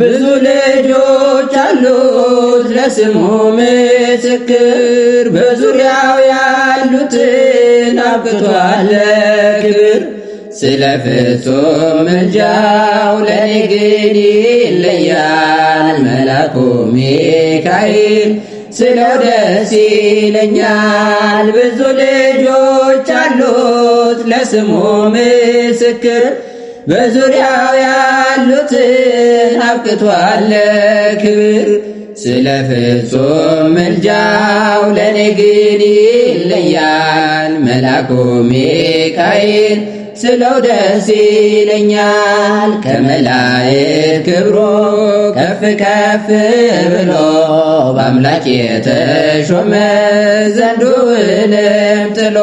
ብዙ ልጆች አሉት ለስሙ ምስክር፣ በዙሪያው ያሉትን አብቅቷል ክብር። ስለ ፍጹም ምልጃው ለኔ ግን ይለያል መላኩ ሚካኤል ስለው ደስ ይለኛል። ብዙ ልጆች አሉት ለስሙ ምስክር፣ በዙሪያው ያሉትን አብቅቷል ክብር ስለ ፍጹም ምልጃው ለኔ ግን ይለያል መላኩ ሚካኤል ስለው ደስ ይለኛል ከመላእክት ክብሮ ከፍ ከፍ ብሎ በአምላክ የተሾመ ዘንዱንም ጥሎ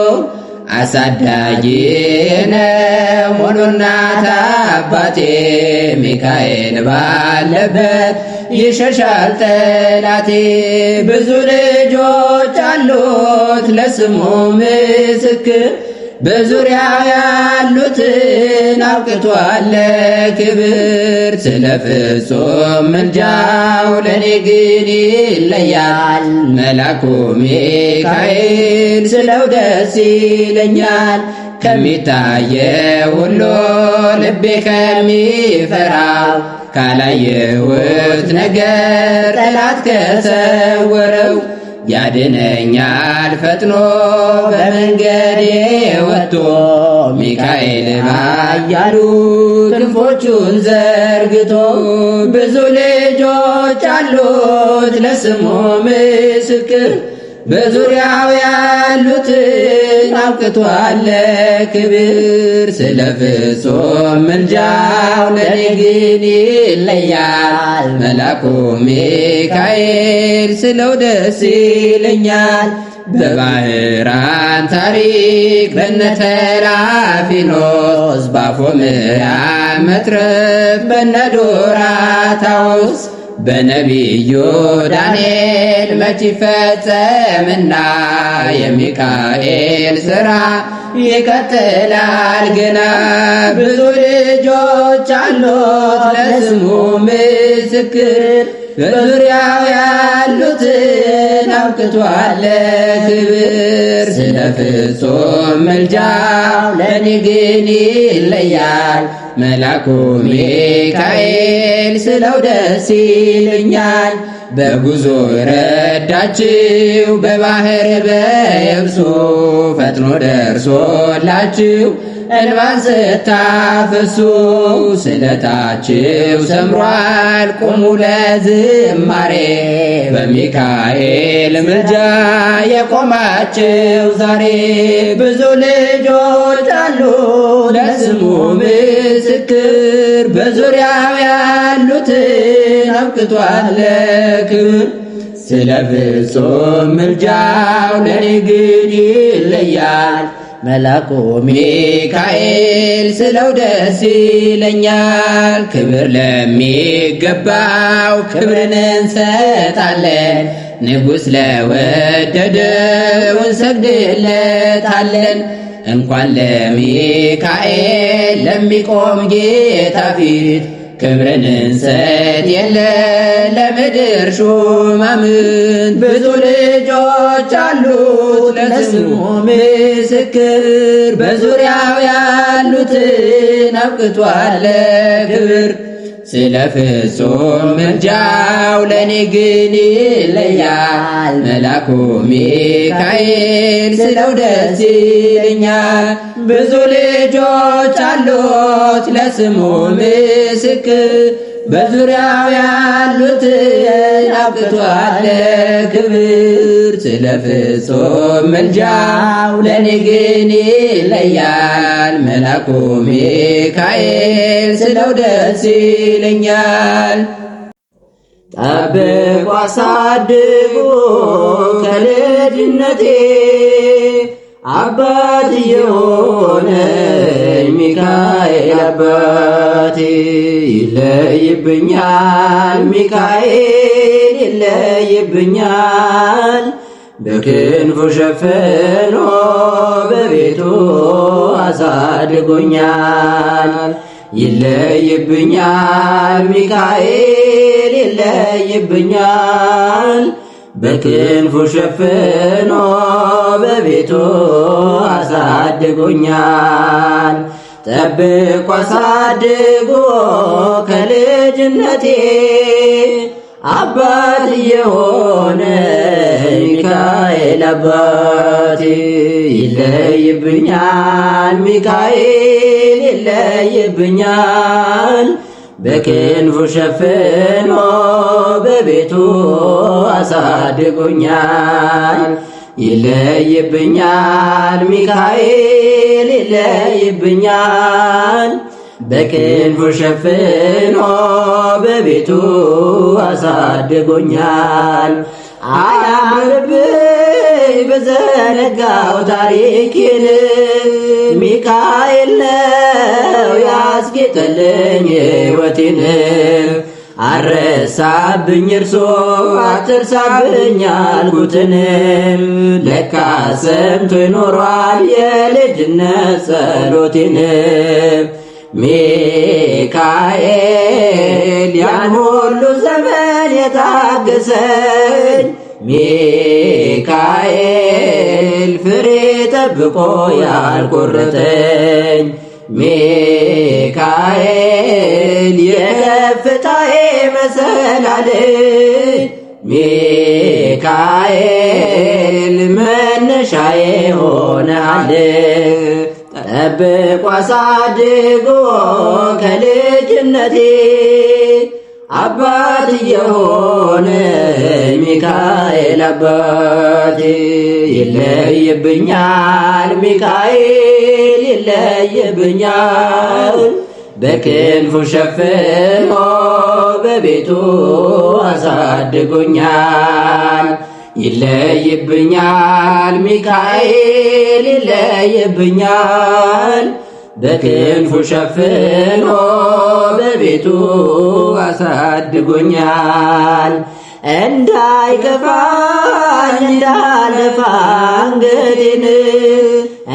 አሳዳጊነ ሙሉና አባቴ ሚካኤል ባለበት ይሸሻል ጠላቴ። ብዙ ልጆች አሉት ለስሙ ምስክር በዙሪያ ያሉትን አውቅቷል ክብር ስለ ፍጹም ምልጃው ለኔ ግን ይለያል መላኩ ሚካኤል ስለው ደስ ይለኛል ከሚታየ ሁሉ ልቤ ከሚፈራው ካላየሁት ነገር ጠላት ከሰወረው ያድነኛል ፈጥኖ በመንገዴ ወጥቶ ሚካኤል ባያሉ ክንፎቹን ዘርግቶ ብዙ ልጆች አሉት ለስሙ ምስክር በዙሪያው ያሉትን አውቅቷል ክብር ስለ ፍጹም ምልጃው ለኔ ግን ይለያል። መላኩ ሚካኤል ስለው ደስ ይለኛል። በባህራን ታሪክ በነተራፊኖስ ባፎምያ ምያ መትረፍ በነዶራታውስ በነቢዩ ዳንኤል መች ይፈጸምና የሚካኤል ሥራ ይቀጥላል ግና ብዙ ልጆች አሉት ለስሙ ምስክር በዙሪያው ያሉትን አብቅቷል ክብር። ስለ ፍጹም ምልጃው ለእኔ ግን ይለያል መላኩ ሚካኤል ስለው ደስ ይልኛል። በጉዞ ረዳችው በባህር በየብሱ ፈጥኖ ደርሶላችው እንባን ስታፈሱ ስለታችው ሰምሯል። ቁሙ ለዝማሬ በሚካኤል ምልጃ የቆማችው ዛሬ ብዙ ልጆች አሉ ለስሙ ምስክር በዙሪያው ያሉትን አብቅቷል ክብር ስለ ፍጹም ምልጃው ለኔ ግን ይለያል። መላኩ ሚካኤል ስለው ደስ ይለኛል። ክብር ለሚገባው ክብርን እንሰጣለን። ንጉሥ ለወደደው እንሰግድለታለን። እንኳን ለሚካኤል ለሚቆም ጌታ ፊት ክብርን እንሰጥ የለ ለምድር ሹማምንት ብዙ ልጆች አሉት ለስሙ ምስክር በዙሪያው ያሉትን አብቅቷል ክብር ስለ ፍጹም ምልጃው ለኔ ግን ይለያል። መላኩ ሚካኤል ስለው ደስ ይለኛል። ብዙ ልጆች አሉት ለስሙ ምስክር በዙሪያው ያሉትን አብቅቷል ክብር ክብር ስለ ፍጹም ምልጃው ለኔ ግን ይለያል። መላኩ ሚካኤል ስለው ደስ ይለኛል። ጠብቆ አሳድጎ ከልጅነቴ አባት የሆነኝ ሚካኤል አባት ይለይብኛል፣ ሚካኤል ይለይብኛል። በክንፉ ሸፍኖ በቤቱ አሳድጎኛል። ይለይብኛል፣ ሚካኤል ይለይብኛል በክንፉ ሸፍኖ በቤቱ አሳድጎኛል። ጠብቆ አሳድጎ ከልጅነቴ አባት የሆነ ሚካኤል አባት ይለይብኛል፣ ሚካኤል ይለይብኛል በክንፉ ሸፍኖ በቤቱ አሳድጎኛል። ይለይብኛል ሚካኤል ይለይብኛል። በክንፉ ሸፍኖ በቤቱ አሳድጎኛል። አያምርብኝ በዘነጋው ታሪኬን ሚካኤል አስጌጠልኝ ሕይወቴን አረሳብኝ እርሶ አትርሳብኝ አልኩትን ለካ ሰምቶ ይኖሯል የልጅነት ጸሎቴን ሚካኤል ያን ሁሉ ዘመን የታገሰኝ ሚካኤል ፍሬ ጠብቆ ያልቆረጠኝ ሚካኤል የከፍታዬ መሰላል ሚካኤል መነሻዬ ሆነሃል። ጠብቆ አሳድጎ ከልጅነቴ አባት የሆነ ሚካኤል አባት ይለይብኛል፣ ሚካኤል ይለይብኛል። በክንፉ ሸፍኖ በቤቱ አሳድጎኛል። ይለይብኛል፣ ሚካኤል ይለይብኛል በክንፉ ሸፍኖ በቤቱ አሳድጎኛል። እንዳይከፋኝ እንዳልደፋ አንገቴን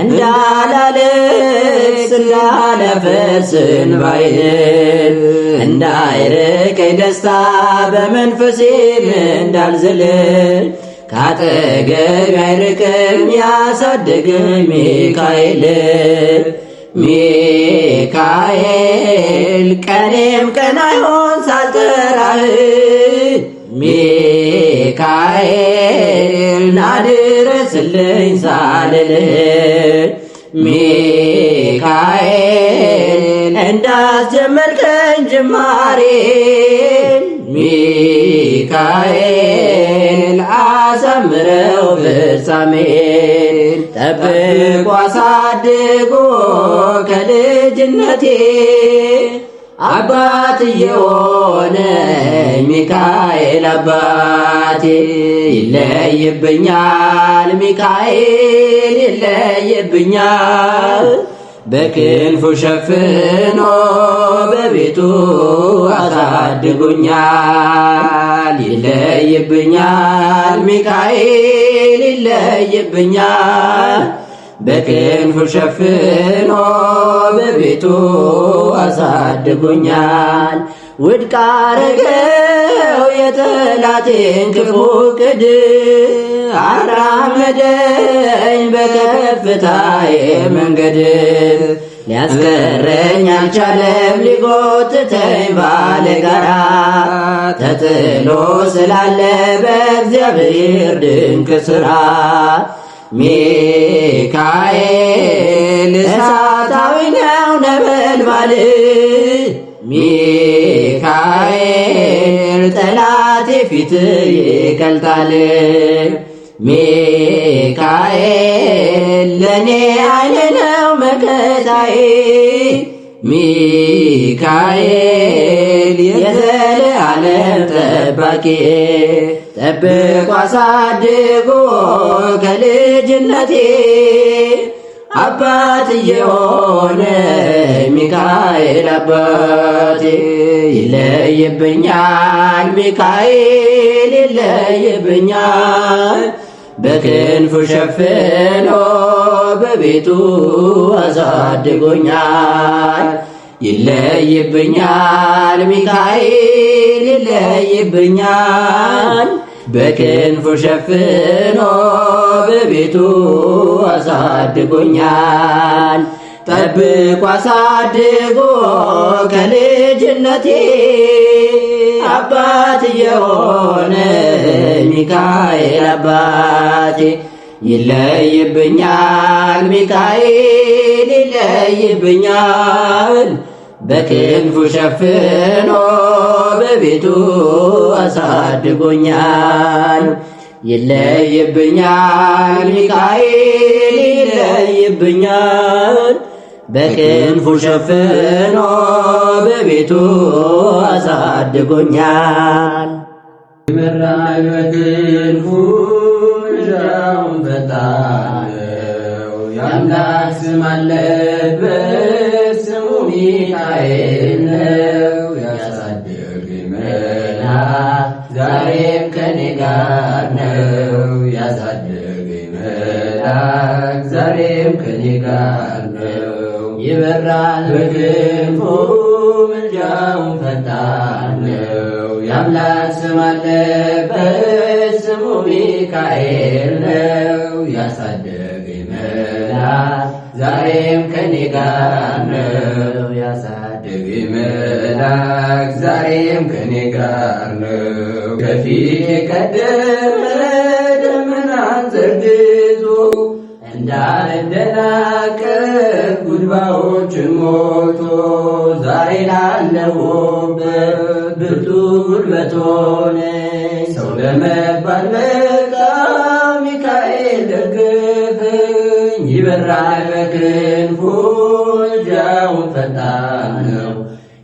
እንዳላለቅስ እንዳላፈስ እንባዬን እንዳይርቀኝ ደስታ በመንፈሴም እንዳልዝል ካጠገብ አይርቅም ያሳደገኝ ሚካኤል ሚካኤል ቀኔም ቀን አይሆን ሳልጠራህ ሚካኤል ናድረስልኝ ሳልል ሚካኤል እንዳስጀመርከኝ ጅማሬ ሚካኤል አሳምረው ፍጻሜን ጠብቆ አሳድጎ ከልጅነቴ አባት የሆነ ሚካኤል አባቴ ይለይብኛል ሚካኤል ይለይብኛል በክንፉ ሸፍኖ በቤቱ አሳድጎኛል። ይለይብኛል ሚካኤል ይለይብኛል። በክንፉ ሸፍኖ በቤቱ አሳድጎኛል። ውድቅ አረገው የጠላቴን ክፉ ቅድ አራመደኝ በከፍታዬ መንገድ ሊያስቀረኝ አልቻለም ሊጎትተኝ ባለ ጋራ ተጥሎ ስላለ በእግዚአብሔር ድንቅ ሥራ ሚካኤል እሳታዊ ነው ነበልባል ሚካኤል ጠላቴ ፊት ይቀልጣል። ሚካኤል ለኔ አይኔ ነው መከታዬ ሚካኤል የዘለዓለም ጠባቂ ጠብቆ አሳድጎ ከልጅነቴ አባት የሆነ ሚካኤል አባቴ ይለይብኛል ሚካኤል ይለይብኛል በክንፉ ሸፍኖ በቤቱ አሳድጎኛል። ይለይብኛል ሚካኤል ይለይብኛል። በክንፉ ሸፍኖ በቤቱ አሳድጎኛል። ጠብቆ አሳድጎ ከልጅነቴ አባት የሆነ ሚካኤል አባቴ ይለይብኛል ሚካኤል ይለይብኛል በክንፉ ሸፍኖ በቤቱ አሳድጎኛል። ይለይብኛል ሚካኤል ይለይብኛል بخير فشفنا ببيتو أسعد قنيان من رأي وكين فوجاهم فتاهم يملك ጋር ያሳድግ መላክ ዛሬም ከኔ ጋር ነው። ከፊት ቀደመ ደመናን ዘርግቶ እንዳልደናቀፍ ጉድባዎችን ሞቶ ዛሬ ላለሁበት ብርቱ ጉልበት ሆነ ሰው ለመባል ይበራል በክንፉ እጀውን ፈጣን ነው።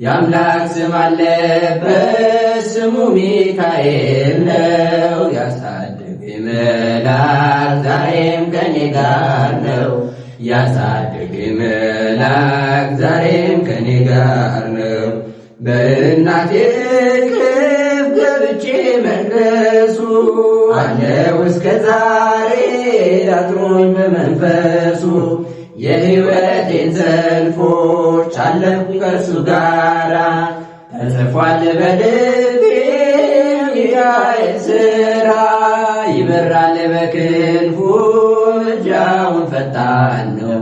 የአምላክ ስም አለበት ስሙ ሚካኤል ነው። ያሳድግ መላክ ዛሬም ከኔ ጋር ነው። ያሳድግ መላክ ዛሬም ከኔ ጋር ነው። በእናቴ ገብቼ መቅደሱ አለው እስከ ዛሬ አጥሮኝ በመንፈሱ የሕይወቴን ሰልፎች አለፍኩ ከእርሱ ጋራ ተጽፏል በልቤ ሚካኤል ሥራ ይበራል በክንፉ እጃውን ፈጣን ነው።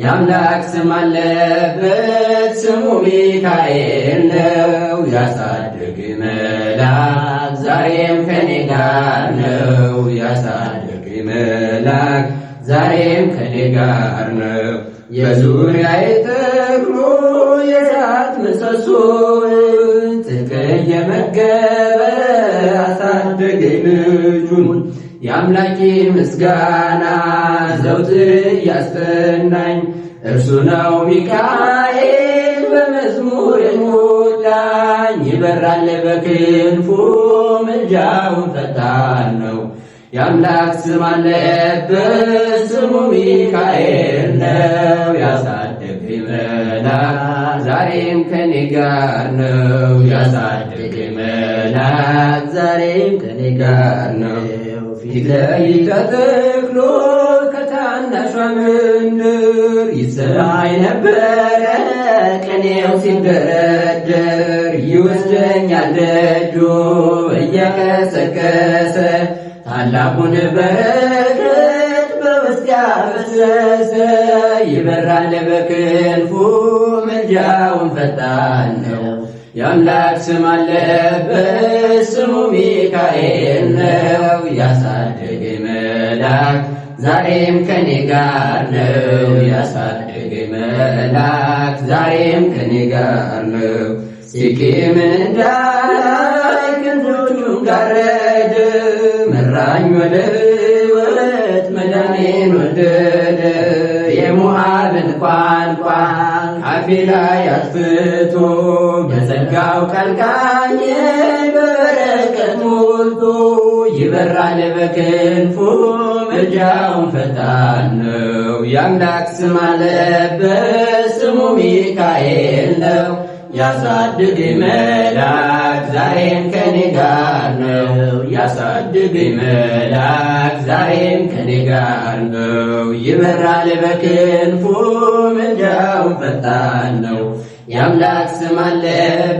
የአምላክ ስም አለበት ስሙ ሚካኤል ነው። ያሳድግ መላክ ዛሬም ከኔ ጋር ነው። ያሳድግ መላክ ዛሬም ከኔ ጋር ነው። የዙሪያ ጥቅሙ የሳት ምሰሶ ትክል የመገበ አሳደገኝ ልጁን የአምላኬ ምስጋና ዘውትር ያስጠናኝ እርሱ ነው ሚካኤል በመዝሙር የሞላኝ ይበራል በክንፉ ምልጃውን ፈጣን ነው። የአምላክ ስም አለበት ስሙ ሚካኤል ነው። ያሳድግ ይመና ዛሬም ከኔ ጋር ነው። ያሳድግ ይመና ዛሬም ከኔ ጋር ነው ፊት ለፊት ተተክሎ ምንድር ይሰራይ ነበረ ቅኔው ሲንደረደር ይወስደኛል ደጆ እየቀሰቀሰ ታላቁን በረከት በውስጤ አፈሰሰ። ይበራል በክንፉ ምልጃውን ፈጣን ነው። የአምላክ ስም አለበት ስሙ ሚካኤል ነው። ያሳደገ መላክ ዛሬም ከኔ ጋር ነው ያሳደገ መላክ ዛሬም ከኔ ጋር ነው ሲቂምን እንዳላይ ክንዶቹን ጋረድ መራኝ ወደ ወለት መዳኔን ወደደ የሞዓብን ቋንቋ አፌ ላይ አጥፍቶ በጸጋው ቀልቃኝ በበረከት ሞልቶ ይበራል በክንፉ ምልጃውን ፈጣን ነው። የአምላክ ስም አለበት ስሙ ሚካኤል ነው። ያሳድግ መላክ ዛሬም ከኔ ጋር ነው። ያሳድግ መላክ ዛሬም ከኔ ጋር ነው። ይበራል በክንፉ ምልጃውን ፈጣን ነው። የአምላክ ስም አለ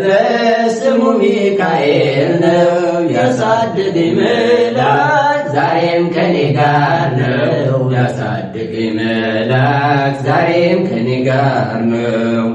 በስሙ ሚካኤል ነው። ያሳድግ መልአክ ዛሬም ከኔ ጋር ነው። ያሳድግ መልአክ ዛሬም ከኔ ጋር ነው።